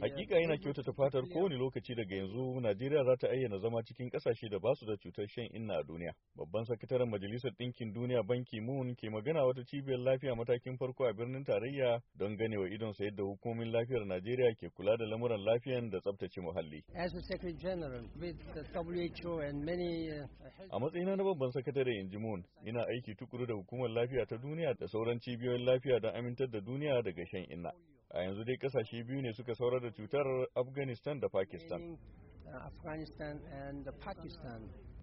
Hakika yana kyautata fatar kowane lokaci daga yanzu Najeriya za ta ayyana zama cikin kasashe da ba su da cutar shan inna a duniya. Babban sakataren Majalisar Ɗinkin Duniya Banki Moon ke magana wata cibiyar lafiya matakin farko a birnin tarayya don ganewa sayar da hukumomin lafiyar Najeriya ke kula da lamuran lafiyan da tsabtace muhalli. Uh, a matsayina na babban sakatare inji Moon, ina aiki tukuru da hukumar lafiya ta duniya da sauran cibiyoyin lafiya lafiya don amintar da duniya daga shan inna. A yanzu dai kasashe biyu ne suka saurar da cutar Afghanistan da Pakistan. Uh,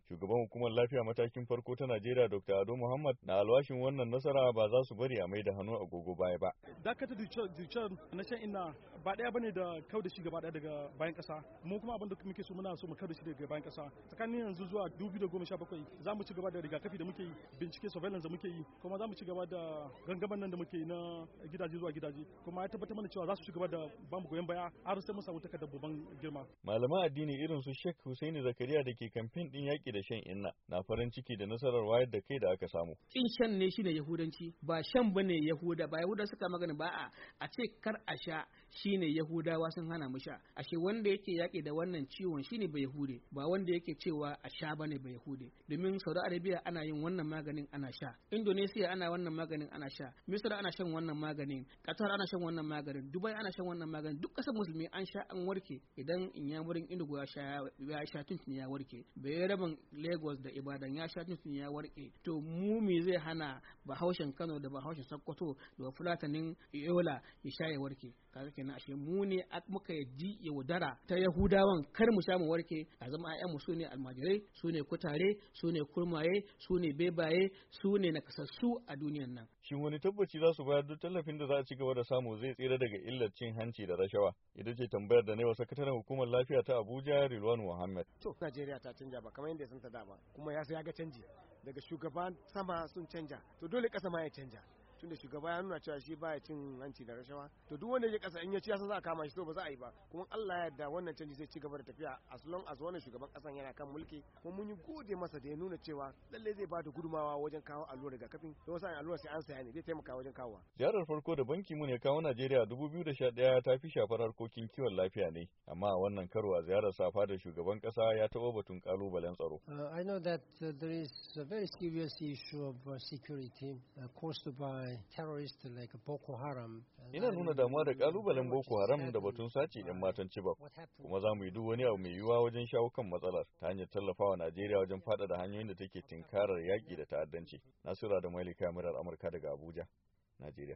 Shugaban hukumar lafiya matakin farko ta Najeriya Dr. Ado Muhammad na alwashin wannan nasara ba za su bari a mai da hannu agogo baya ba. Dakatar da na shan ina ba ɗaya bane da kau da shi gaba ɗaya daga bayan ƙasa mu kuma abin da muke so muna so mu kau da shi daga bayan ƙasa tsakanin yanzu zuwa 2017 za mu ci gaba da rigakafi da muke yi bincike surveillance da muke yi kuma za mu ci gaba da gangaman nan da muke yi na gidaje zuwa gidaje kuma ya tabbatar mana cewa za su ci gaba da ba mu goyon baya har sai mun samu takardar babban girma malaman addini irin su Sheikh Husaini Zakariya da ke kamfen din yaƙi da shan inna na farin ciki da nasarar wayar da kai da aka samu kin shan ne shi shine yahudanci ba shan bane yahuda ba yahuda suka magana ba a ce kar a sha shine yahudawa sun hana mu sha ashe wanda yake yaƙi da wannan ciwon shine bai yahude ba wanda yake cewa a sha bane bai yahude domin saudi arabia ana yin wannan maganin ana sha indonesia ana wannan maganin ana sha Misr ana shan wannan maganin qatar ana shan wannan maganin dubai ana shan wannan maganin duk kasar musulmi an sha an warke idan in murin indigo ya sha ya sha tun ya warke bai rabin lagos da ibadan ya sha tun ya warke to mu me zai hana bahaushen kano da bahaushen sokoto da fulatanin yola ya sha ya warke kaga kenan ashe mu ne muka ya yaudara ta yahudawan kar mu sha mu warke a zama ayyan mu sune almajirai sune kutare sune kurmaye sune bebaye sune nakasassu a duniyan nan shin wani tabbaci za su bayar duk tallafin da za a ci gaba da samu zai tsira daga illar cin hanci da rashawa idan ce tambayar da na wa sakataren hukumar lafiya ta Abuja Rilwan Muhammad to Najeriya ta canja ba kamar yadda sun ta da ba kuma ya ga canji daga shugaban sama sun canja to dole kasa ma ya canja tunda shugaba ya nuna cewa shi baya cin hanci da rashawa to duk wanda yake kasa in ya ci yasa za a kama shi to ba za a yi ba kuma Allah ya yarda wannan canji zai ci gaba da tafiya as long as wannan shugaban kasan yana kan mulki kuma mun yi gode masa da ya nuna cewa lalle zai ba da gudumawa wajen kawo daga kafin don wasu allurar sai an saya ne zai taimaka wajen kawowa ziyarar farko da banki mu ne kawo Najeriya 2011 ta fi shafar harkokin kiwon lafiya ne amma a wannan karo a ziyarar safa da shugaban kasa ya taɓa batun kalubalen tsaro uh, I know that uh, there is a very serious issue of uh, security caused by Ina nuna damuwa da kalubalen Boko Haram da batun sace yan matan ba kuma za mu yi duk wani abu mai yiwuwa wajen shawo kan matsalar ta hanyar tallafa wa Najeriya wajen da hanyoyin da take tinkarar yaƙi da ta'addanci. nasira da Mailika Murar Amurka daga Abuja, Najeriya.